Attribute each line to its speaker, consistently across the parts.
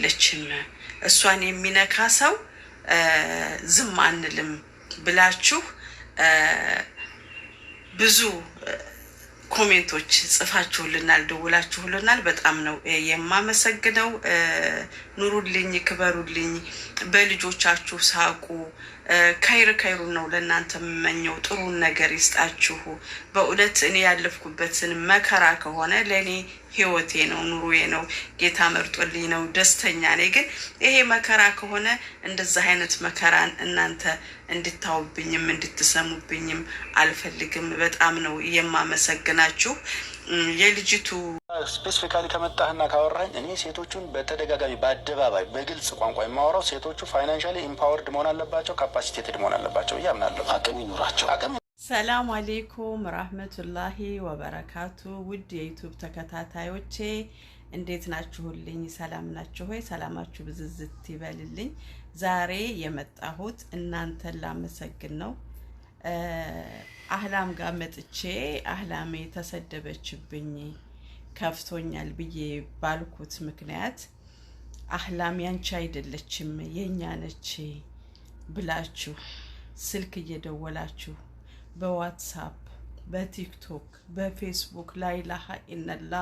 Speaker 1: አይደለችም፣ እሷን የሚነካ ሰው ዝም አንልም ብላችሁ ብዙ ኮሜንቶች ጽፋችሁልናል፣ ደውላችሁልናል። በጣም ነው የማመሰግነው። ኑሩልኝ፣ ክበሩልኝ፣ በልጆቻችሁ ሳቁ። ከይር ከይሩ ነው ለእናንተ የምመኘው። ጥሩን ነገር ይስጣችሁ። በእውነት እኔ ያለፍኩበትን መከራ ከሆነ ለእኔ ህይወቴ ነው፣ ኑሮዬ ነው፣ ጌታ መርጦልኝ ነው፣ ደስተኛ ነኝ። ግን ይሄ መከራ ከሆነ እንደዛ አይነት መከራን እናንተ እንድታውብኝም እንድትሰሙብኝም አልፈልግም። በጣም ነው የማመሰግናችሁ የልጅቱ
Speaker 2: ስፔሲፊካሊ ከመጣህና ካወራኝ እኔ ሴቶቹን በተደጋጋሚ በአደባባይ በግልጽ ቋንቋ የማወራው ሴቶቹ ፋይናንሻሊ ኢምፓወርድ መሆን አለባቸው፣ ካፓሲቴትድ መሆን አለባቸው ብዬ አቅም ይኑራቸው።
Speaker 3: ሰላም አሌይኩም ራህመቱላሂ ወበረካቱ። ውድ የዩቱብ ተከታታዮቼ እንዴት ናችሁልኝ? ሰላም ናችሁ ሆይ? ሰላማችሁ ብዝዝት ይበልልኝ። ዛሬ የመጣሁት እናንተን ላመሰግን ነው። አህላም ጋር መጥቼ አህላሜ ተሰደበችብኝ ከፍቶኛል ብዬ ባልኩት ምክንያት አህላም ያንቺ አይደለችም የእኛ ነች ብላችሁ ስልክ እየደወላችሁ በዋትሳፕ፣ በቲክቶክ፣ በፌስቡክ ላይ ኢነላ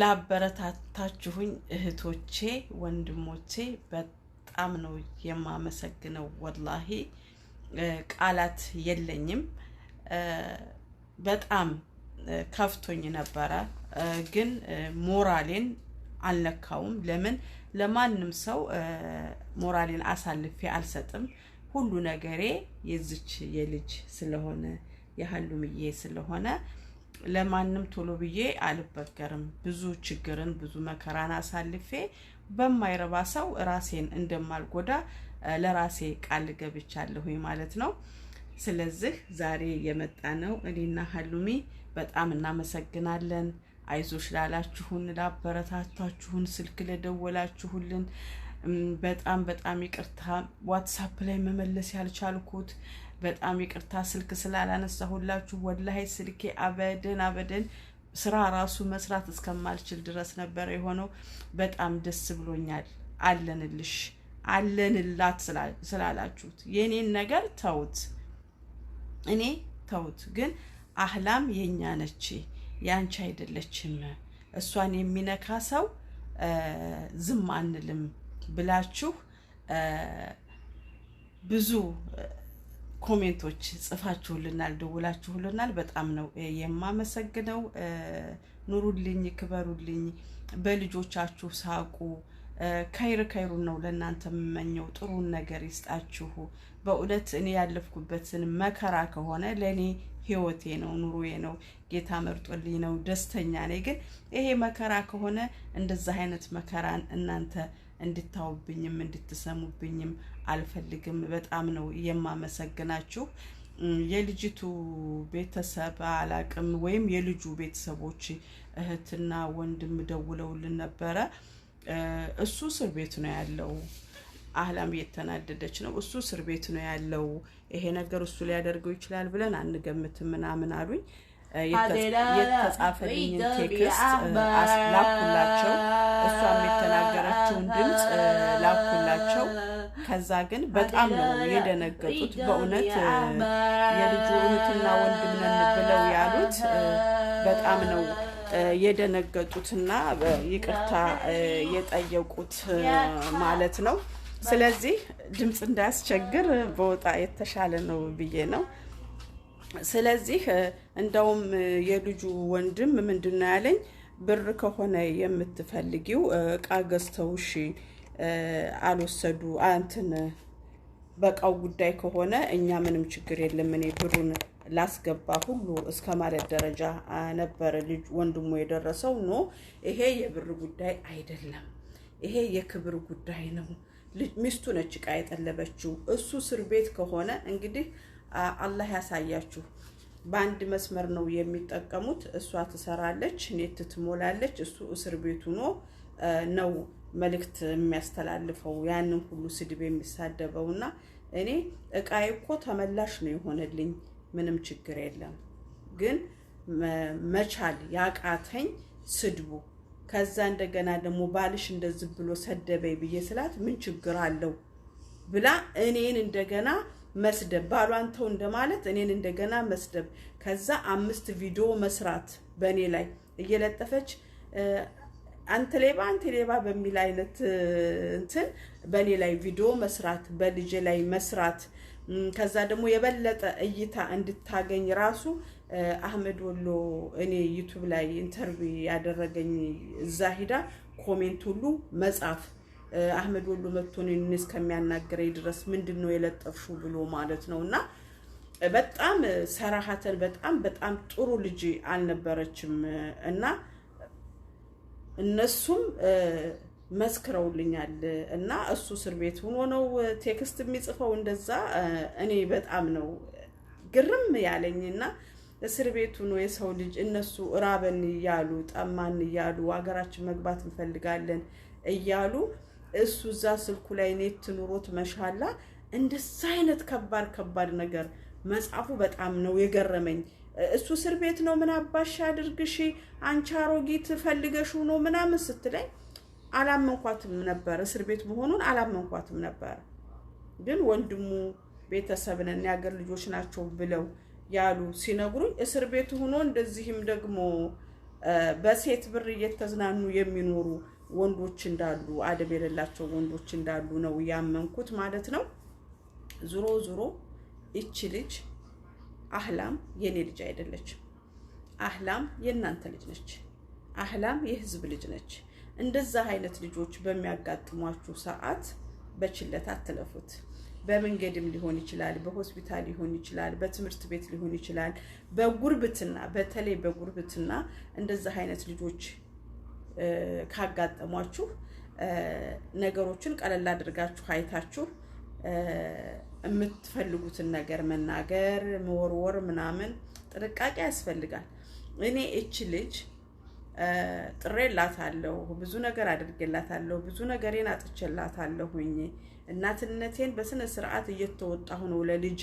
Speaker 3: ላበረታታችሁኝ እህቶቼ፣ ወንድሞቼ በጣም ነው የማመሰግነው። ወላሂ ቃላት የለኝም። በጣም ከፍቶኝ ነበረ፣ ግን ሞራሌን አልነካውም። ለምን ለማንም ሰው ሞራሌን አሳልፌ አልሰጥም። ሁሉ ነገሬ የዚች የልጅ ስለሆነ የሀሉምዬ ስለሆነ ለማንም ቶሎ ብዬ አልበገርም። ብዙ ችግርን ብዙ መከራን አሳልፌ በማይረባ ሰው ራሴን እንደማልጎዳ ለራሴ ቃል ገብቻለሁኝ ማለት ነው። ስለዚህ ዛሬ የመጣ ነው እኔና ሀሉሚ በጣም እናመሰግናለን። አይዞሽ ላላችሁን፣ ላበረታታችሁን፣ ስልክ ለደወላችሁልን በጣም በጣም ይቅርታ። ዋትሳፕ ላይ መመለስ ያልቻልኩት በጣም ይቅርታ፣ ስልክ ስላላነሳሁላችሁ። ወላሂ ስልኬ አበደን አበደን ስራ ራሱ መስራት እስከማልችል ድረስ ነበረ የሆነው። በጣም ደስ ብሎኛል። አለንልሽ አለንላት ስላላችሁት የኔን ነገር ተውት፣ እኔ ተውት ግን አህላም የእኛ ነች፣ ያንቺ አይደለችም። እሷን የሚነካ ሰው ዝም አንልም ብላችሁ ብዙ ኮሜንቶች ጽፋችሁልናል፣ ደውላችሁልናል። በጣም ነው የማመሰግነው። ኑሩልኝ፣ ክበሩልኝ፣ በልጆቻችሁ ሳቁ። ከይር ከይሩ ነው ለእናንተ የምመኘው። ጥሩን ነገር ይስጣችሁ። በእውነት እኔ ያለፍኩበትን መከራ ከሆነ ለእኔ ህይወቴ ነው፣ ኑሮዬ ነው፣ ጌታ መርጦልኝ ነው፣ ደስተኛ ነኝ። ግን ይሄ መከራ ከሆነ እንደዛ አይነት መከራን እናንተ እንድታውብኝም እንድትሰሙብኝም አልፈልግም። በጣም ነው የማመሰግናችሁ። የልጅቱ ቤተሰብ አላቅም፣ ወይም የልጁ ቤተሰቦች እህትና ወንድም ደውለውልን ነበረ እሱ እስር ቤት ነው ያለው። አህላም እየተናደደች ነው። እሱ እስር ቤት ነው ያለው። ይሄ ነገር እሱ ሊያደርገው ይችላል ብለን አንገምትም ምናምን አሉኝ። የተጻፈልኝ ቴክስት ላኩላቸው። እሷ የተናገረችውን ድምፅ ላኩላቸው። ከዛ ግን በጣም ነው የደነገጡት። በእውነት የልጁ እህትና ወንድም ነን ብለው ያሉት በጣም ነው የደነገጡትና ይቅርታ የጠየቁት ማለት ነው። ስለዚህ ድምፅ እንዳያስቸግር በወጣ የተሻለ ነው ብዬ ነው። ስለዚህ እንደውም የልጁ ወንድም ምንድን ነው ያለኝ ብር ከሆነ የምትፈልጊው እቃ ገዝተውሽ አልወሰዱ አንትን በእቃው ጉዳይ ከሆነ እኛ ምንም ችግር የለም እኔ ብሩን ላስገባ ሁሉ እስከ ማለት ደረጃ ነበረ ልጅ ወንድሙ የደረሰው። ኖ ይሄ የብር ጉዳይ አይደለም፣ ይሄ የክብር ጉዳይ ነው። ሚስቱ ነች እቃ የጠለበችው። እሱ እስር ቤት ከሆነ እንግዲህ አላህ ያሳያችሁ። በአንድ መስመር ነው የሚጠቀሙት። እሷ ትሰራለች፣ ኔት ትሞላለች፣ እሱ እስር ቤት ሆኖ ነው መልእክት የሚያስተላልፈው ያንን ሁሉ ስድብ የሚሳደበውና እኔ እቃዬ እኮ ተመላሽ ነው የሆነልኝ ምንም ችግር የለም። ግን መቻል ያቃተኝ ስድቡ ከዛ እንደገና ደግሞ ባልሽ እንደዚህ ብሎ ሰደበኝ ብዬ ስላት ምን ችግር አለው ብላ እኔን እንደገና መስደብ ባሏን ተው እንደማለት እኔን እንደገና መስደብ፣ ከዛ አምስት ቪዲዮ መስራት በእኔ ላይ እየለጠፈች አንተ ሌባ አንተ ሌባ በሚል አይነት እንትን በእኔ ላይ ቪዲዮ መስራት፣ በልጄ ላይ መስራት ከዛ ደግሞ የበለጠ እይታ እንድታገኝ ራሱ አህመድ ወሎ እኔ ዩቱብ ላይ ኢንተርቪው ያደረገኝ እዛ ሂዳ ኮሜንት ሁሉ መጻፍ አህመድ ወሎ መጥቶ እኔን እስከሚያናግረኝ ድረስ ምንድን ነው የለጠፍሹ ብሎ ማለት ነው እና በጣም ሰራሀተን በጣም በጣም ጥሩ ልጅ አልነበረችም እና እነሱም መስክረውልኛል እና እሱ እስር ቤት ሆኖ ነው ቴክስት የሚጽፈው። እንደዛ እኔ በጣም ነው ግርም ያለኝ እና እስር ቤቱ ነው የሰው ልጅ እነሱ ራበን እያሉ ጠማን እያሉ ሀገራችን መግባት እንፈልጋለን እያሉ እሱ እዛ ስልኩ ላይ ኔት ኑሮት መሻላ እንደዛ አይነት ከባድ ከባድ ነገር መጻፉ በጣም ነው የገረመኝ። እሱ እስር ቤት ነው ምን አባሽ አድርግሽ አንቺ አሮጊት ፈልገሽ ነው ምናምን ስትለኝ አላመንኳትም ነበር። እስር ቤት መሆኑን አላመንኳትም ነበር። ግን ወንድሙ ቤተሰብነን የአገር ልጆች ናቸው ብለው ያሉ ሲነግሩኝ እስር ቤት ሆኖ እንደዚህም ደግሞ በሴት ብር እየተዝናኑ የሚኖሩ ወንዶች እንዳሉ አደብ የሌላቸው ወንዶች እንዳሉ ነው ያመንኩት ማለት ነው። ዙሮ ዙሮ ይቺ ልጅ አህላም የእኔ ልጅ አይደለችም። አህላም የእናንተ ልጅ ነች። አህላም የህዝብ ልጅ ነች። እንደዛ አይነት ልጆች በሚያጋጥሟችሁ ሰዓት በችለት አትለፉት። በመንገድም ሊሆን ይችላል፣ በሆስፒታል ሊሆን ይችላል፣ በትምህርት ቤት ሊሆን ይችላል። በጉርብትና በተለይ በጉርብትና እንደዛ አይነት ልጆች ካጋጠሟችሁ ነገሮችን ቀለል አድርጋችሁ አይታችሁ የምትፈልጉትን ነገር መናገር፣ መወርወር ምናምን ጥንቃቄ ያስፈልጋል። እኔ እች ልጅ ጥሬላታለሁ። ብዙ ነገር አድርጌላታለሁ። ብዙ ነገሬን አጥቼላታለሁኝ። እናትነቴን በስነ ስርዓት እየተወጣሁ ነው ለልጄ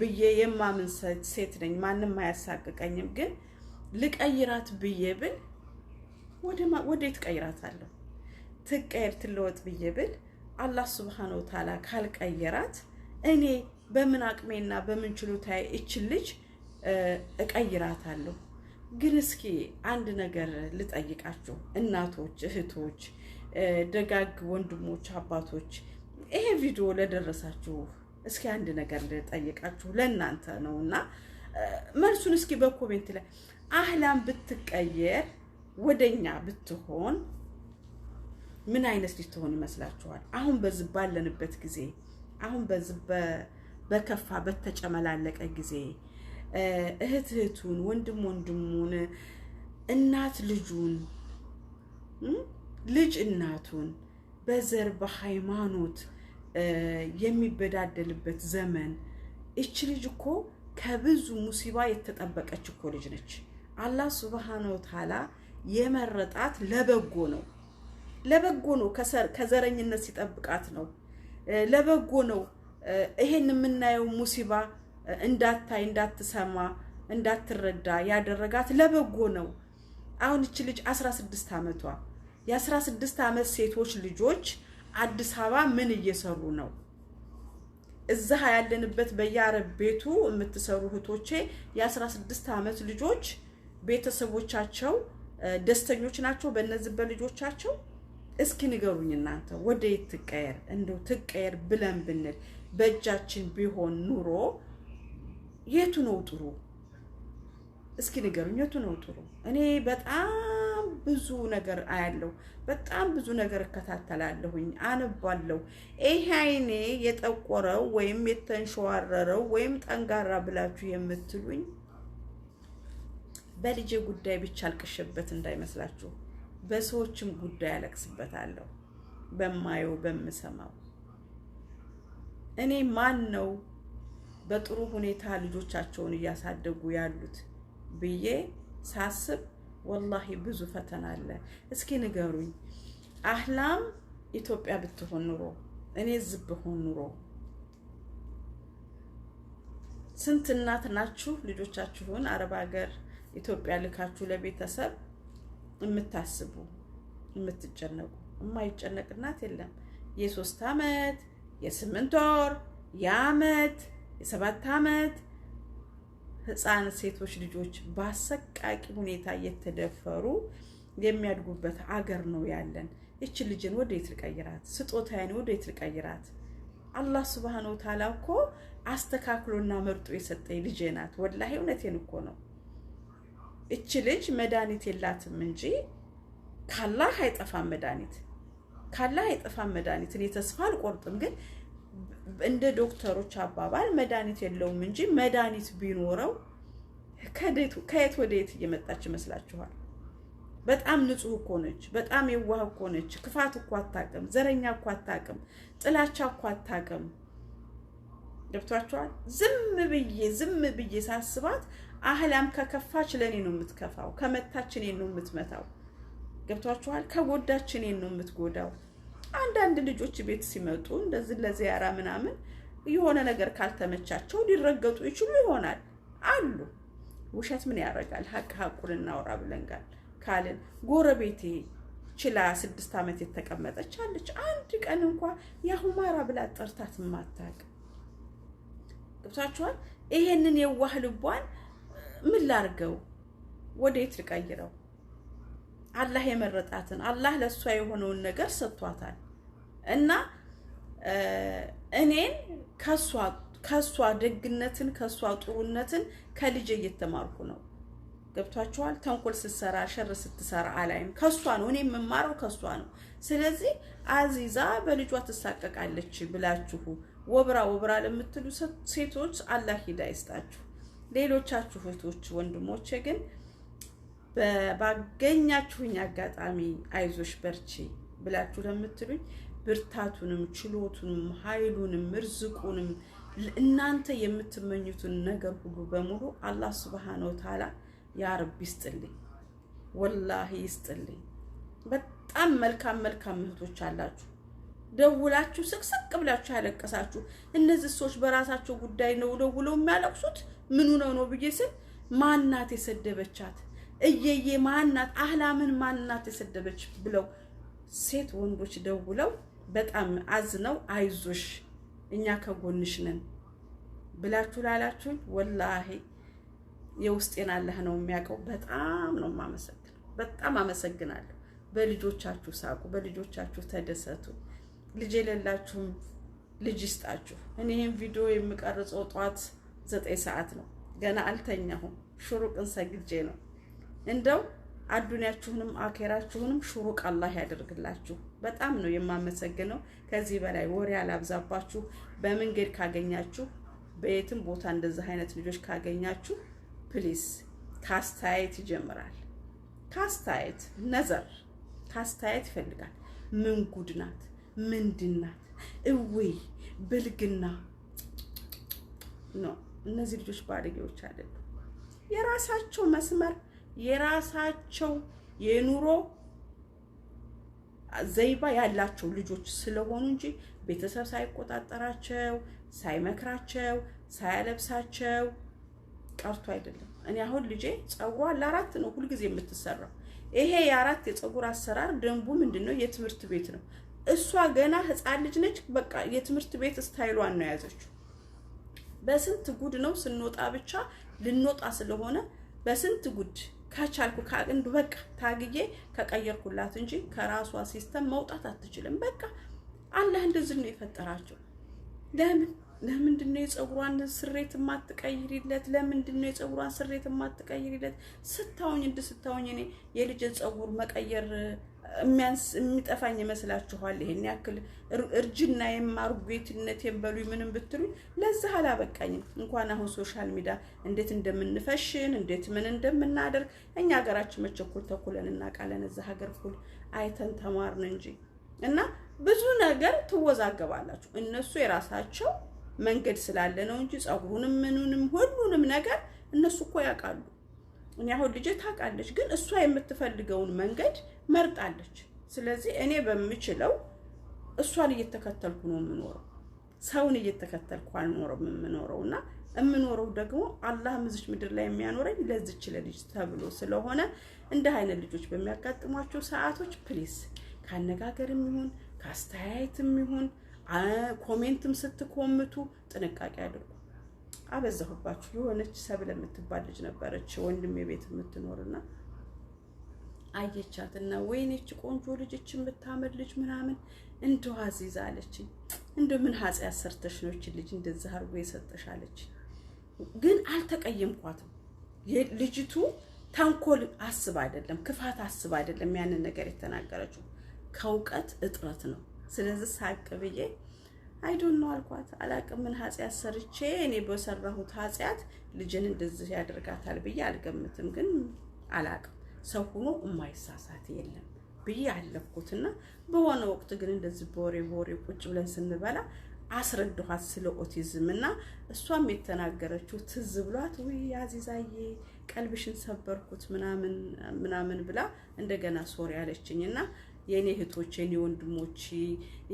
Speaker 3: ብዬ የማምን ሴት ነኝ። ማንም አያሳቅቀኝም። ግን ልቀይራት ብዬ ብል ወዴት ቀይራታለሁ? ትቀየር ትለወጥ ብዬ ብል አላህ ስብሓን ወተዓላ ካልቀየራት እኔ በምን አቅሜና በምን ችሎታዬ እችን ልጅ እቀይራታለሁ? ግን እስኪ አንድ ነገር ልጠይቃችሁ እናቶች፣ እህቶች፣ ደጋግ ወንድሞች፣ አባቶች ይሄ ቪዲዮ ለደረሳችሁ እስኪ አንድ ነገር ልጠይቃችሁ ለእናንተ ነው እና መልሱን እስኪ በኮሜንት ላይ አህላም ብትቀየር ወደኛ ብትሆን ምን አይነት ሊትሆን ይመስላችኋል? አሁን በዚህ ባለንበት ጊዜ አሁን በዚህ በከፋ በተጨመላለቀ ጊዜ እህት እህቱን፣ ወንድም ወንድሙን፣ እናት ልጁን፣ ልጅ እናቱን በዘር በሃይማኖት የሚበዳደልበት ዘመን እች ልጅ እኮ ከብዙ ሙሲባ የተጠበቀች እኮ ልጅ ነች። አላህ ሱብሃነ ወተዓላ የመረጣት ለበጎ ነው። ለበጎ ነው። ከዘረኝነት ሲጠብቃት ነው። ለበጎ ነው። ይሄን የምናየው ሙሲባ እንዳታይ፣ እንዳትሰማ፣ እንዳትረዳ ያደረጋት ለበጎ ነው። አሁን እቺ ልጅ 16 ዓመቷ የ16 ዓመት ሴቶች ልጆች አዲስ አበባ ምን እየሰሩ ነው? እዛ ያለንበት በየአረብ ቤቱ የምትሰሩ እህቶቼ የ16 ዓመት ልጆች ቤተሰቦቻቸው ደስተኞች ናቸው በእነዚህ በልጆቻቸው? እስኪ ንገሩኝ እናንተ ወደ የት ትቀየር እንደው ትቀየር ብለን ብንል በእጃችን ቢሆን ኑሮ የቱ ነው ጥሩ? እስኪ ንገሩኝ፣ የቱ ነው ጥሩ? እኔ በጣም ብዙ ነገር አያለሁ፣ በጣም ብዙ ነገር እከታተላለሁኝ፣ አነባለሁ። ይሄ አይኔ የጠቆረው ወይም የተንሸዋረረው ወይም ጠንጋራ ብላችሁ የምትሉኝ በልጄ ጉዳይ ብቻ አልቅሽበት እንዳይመስላችሁ፣ በሰዎችም ጉዳይ አለቅስበታለሁ። በማየው በምሰማው እኔ ማን ነው በጥሩ ሁኔታ ልጆቻቸውን እያሳደጉ ያሉት ብዬ ሳስብ ወላሂ ብዙ ፈተና አለ። እስኪ ንገሩኝ፣ አህላም ኢትዮጵያ ብትሆን ኑሮ እኔ ዝብሆን ብሆን ኑሮ ስንት እናት ናችሁ ልጆቻችሁን አረብ ሀገር ኢትዮጵያ ልካችሁ ለቤተሰብ የምታስቡ የምትጨነቁ? የማይጨነቅ እናት የለም። የሶስት አመት የስምንት ወር የአመት የሰባት ዓመት ህፃን ሴቶች ልጆች በአሰቃቂ ሁኔታ እየተደፈሩ የሚያድጉበት አገር ነው ያለን። ይችን ልጅን ወዴት ልቀይራት? ስጦታዬን ወዴት ልቀይራት? አላህ ስብሃነ ወተዓላ እኮ አስተካክሎና መርጦ የሰጠኝ ልጄ ናት። ወላሂ እውነቴን እኮ ነው። እች ልጅ መድኃኒት የላትም እንጂ ካላህ አይጠፋም መድኃኒት ካላህ አይጠፋም መድኃኒት። እኔ ተስፋ አልቆርጥም ግን እንደ ዶክተሮች አባባል መድኃኒት የለውም እንጂ መድኃኒት ቢኖረው ከየት ወደ የት እየመጣች ይመስላችኋል? በጣም ንጹህ እኮ ነች። በጣም የዋህ እኮ ነች። ክፋት እኮ አታቅም። ዘረኛ እኮ አታቅም። ጥላቻ እኮ አታቅም። ገብቷቸዋል። ዝም ብዬ ዝም ብዬ ሳስባት አህላም ከከፋች ለእኔ ነው የምትከፋው፣ ከመታች እኔን ነው የምትመታው። ገብቷችኋል። ከጎዳች እኔን ነው የምትጎዳው። አንዳንድ ልጆች ቤት ሲመጡ እንደዚህ ለዚያራ ምናምን የሆነ ነገር ካልተመቻቸው ሊረገጡ ይችሉ ይሆናል አሉ። ውሸት ምን ያደርጋል? ሀቅ ሀቁን እናውራ ብለን ጋር ካልን ጎረቤቴ ችላ ስድስት ዓመት የተቀመጠች አለች። አንድ ቀን እንኳ የሁማራ ብላ ጠርታት ማታቅ ገብታችኋል። ይሄንን የዋህ ልቧን ምን ላርገው? ወዴት ልቀይረው? አላህ የመረጣትን አላህ ለእሷ የሆነውን ነገር ሰጥቷታል። እና እኔን ከእሷ ደግነትን ከእሷ ጥሩነትን ከልጅ እየተማርኩ ነው። ገብቷችኋል። ተንኮል ስትሰራ ሸር ስትሰራ አላይም። ከእሷ ነው እኔ የምማረው ከእሷ ነው። ስለዚህ አዚዛ በልጇ ትሳቀቃለች ብላችሁ ወብራ ወብራ ለምትሉ ሴቶች አላህ ሂዳ ይስጣችሁ። ሌሎቻችሁ እህቶች ወንድሞቼ ግን ባገኛችሁኝ አጋጣሚ አይዞሽ በርቺ ብላችሁ ለምትሉኝ ብርታቱንም ችሎቱንም ኃይሉንም እርዝቁንም እናንተ የምትመኙትን ነገር ሁሉ በሙሉ አላህ ስብሓነ ወተዓላ ያ ይስጥልኝ፣ ወላሂ ይስጥልኝ። በጣም መልካም መልካም እህቶች አላችሁ። ደውላችሁ ስቅስቅ ብላችሁ ያለቀሳችሁ እነዚህ ሰዎች በራሳቸው ጉዳይ ነው ደውለው የሚያለቅሱት። ምኑ ነው ነው ብዬ ስል ማናት የሰደበቻት እየዬ ማናት አህላምን ማናት የሰደበች ብለው ሴት ወንዶች ደውለው በጣም አዝነው አይዞሽ እኛ ከጎንሽ ነን ብላችሁ ላላችሁ ወላሂ የውስጤን አላህ ነው የሚያውቀው። በጣም ነው የማመሰግነው። በጣም አመሰግናለሁ። በልጆቻችሁ ሳቁ፣ በልጆቻችሁ ተደሰቱ። ልጅ የሌላችሁም ልጅ ይስጣችሁ። እኔ ይህን ቪዲዮ የምቀርጸው ጠዋት ዘጠኝ ሰዓት ነው። ገና አልተኛሁም። ሹሩቅን ሰግጄ ነው። እንደው አዱንያችሁንም አኬራችሁንም ሹሩቅ አላህ ያደርግላችሁ። በጣም ነው የማመሰግነው። ከዚህ በላይ ወሬ አላብዛባችሁ። በመንገድ ካገኛችሁ፣ በየትም ቦታ እንደዚህ አይነት ልጆች ካገኛችሁ ፕሊስ ካስተያየት ይጀምራል። ካስተያየት ነዘር ካስተያየት ይፈልጋል። ምን ጉድ ናት? ምንድን ናት? እውይ ብልግና ነው። እነዚህ ልጆች ባለጌዎች አይደሉም። የራሳቸው መስመር የራሳቸው የኑሮ ዘይባ ያላቸው ልጆች ስለሆኑ እንጂ ቤተሰብ ሳይቆጣጠራቸው ሳይመክራቸው ሳያለብሳቸው ቀርቶ አይደለም። እኔ አሁን ልጄ ፀጉሯ ለአራት ነው ሁልጊዜ የምትሰራው። ይሄ የአራት የፀጉር አሰራር ደንቡ ምንድን ነው? የትምህርት ቤት ነው። እሷ ገና ህፃን ልጅ ነች። በቃ የትምህርት ቤት ስታይሏን ነው የያዘችው። በስንት ጉድ ነው ስንወጣ ብቻ ልንወጣ ስለሆነ በስንት ጉድ ከቻልኩ እንዱ በቃ ታግዬ ከቀየርኩላት እንጂ ከራሷ ሲስተም መውጣት አትችልም። በቃ አላህ እንደዚህ ነው የፈጠራቸው። ለምን ለምንድን ነው የፀጉሯን ስሬት የማትቀይሪለት? ለምንድን ነው የፀጉሯን ስሬት የማትቀይሪለት? ስታውኝ እንድ ስታውኝ እኔ የልጅን ፀጉር መቀየር የሚያንስ የሚጠፋኝ ይመስላችኋል? ይሄን ያክል እርጅና የማርጉትነቴን የበሉ ምንም ብትሉኝ ለዚህ አላበቃኝም። እንኳን አሁን ሶሻል ሚዲያ እንዴት እንደምንፈሽን እንዴት ምን እንደምናደርግ እኛ ሀገራችን መቸኩል ተኩለን እናውቃለን። እዛ ሀገር ኩል አይተን ተማርን እንጂ እና ብዙ ነገር ትወዛገባላችሁ። እነሱ የራሳቸው መንገድ ስላለ ነው እንጂ ጸጉሩንም ምኑንም ሁሉንም ነገር እነሱ እኮ ያውቃሉ። እኔ አሁን ልጄ ታውቃለች፣ ግን እሷ የምትፈልገውን መንገድ መርጣለች። ስለዚህ እኔ በምችለው እሷን እየተከተልኩ ነው የምኖረው፣ ሰውን እየተከተልኩ አልኖረም የምኖረው እና የምኖረው ደግሞ አላህ ምዝች ምድር ላይ የሚያኖረኝ ለዝች ለልጅ ተብሎ ስለሆነ እንደ አይነት ልጆች በሚያጋጥሟቸው ሰዓቶች ፕሊስ ከአነጋገርም ይሁን ከአስተያየትም ይሁን ኮሜንትም ስትኮምቱ ጥንቃቄ አድርጉ። አበዛሁባችሁ። የሆነች ሰብለ የምትባል ልጅ ነበረች ወንድም የቤት የምትኖርና አየቻትና ወይኔች ቆንጆ ልጅች የምታምር ልጅ ምናምን እንደ አዚዛ አለችኝ። እንደ ምን ኃጢአት ሰርተሽ ነው ይህች ልጅ እንደዚህ አድርጎ የሰጠሽ አለች። ግን አልተቀየምኳትም። ልጅቱ ተንኮል አስብ አይደለም ክፋት አስብ አይደለም ያንን ነገር የተናገረችው ከእውቀት እጥረት ነው። ስለዚህ ሳቅ ብዬ አይዶን ነው አልኳት። አላቅም ምን ኃጢአት ሰርቼ እኔ በሰራሁት ኃጢአት ልጅን እንደዚህ ያደርጋታል ብዬ አልገምትም፣ ግን አላቅም ሰው ሆኖ የማይሳሳት የለም ብዬ አለፍኩትና በሆነ ወቅት ግን እንደዚህ በወሬ በወሬ ቁጭ ብለን ስንበላ አስረድኋት ስለ ኦቲዝም እና እሷም የተናገረችው ትዝ ብሏት ውይ አዚዛዬ ቀልብሽን ሰበርኩት ምናምን ምናምን ብላ እንደገና ሶሪ አለችኝ እና የእኔ እህቶች፣ የእኔ ወንድሞች፣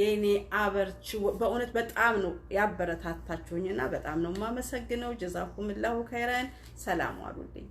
Speaker 3: የእኔ አበርች በእውነት በጣም ነው ያበረታታችሁኝና በጣም ነው የማመሰግነው። ጀዛኩምላሁ ከይረን። ሰላም ዋሉልኝ።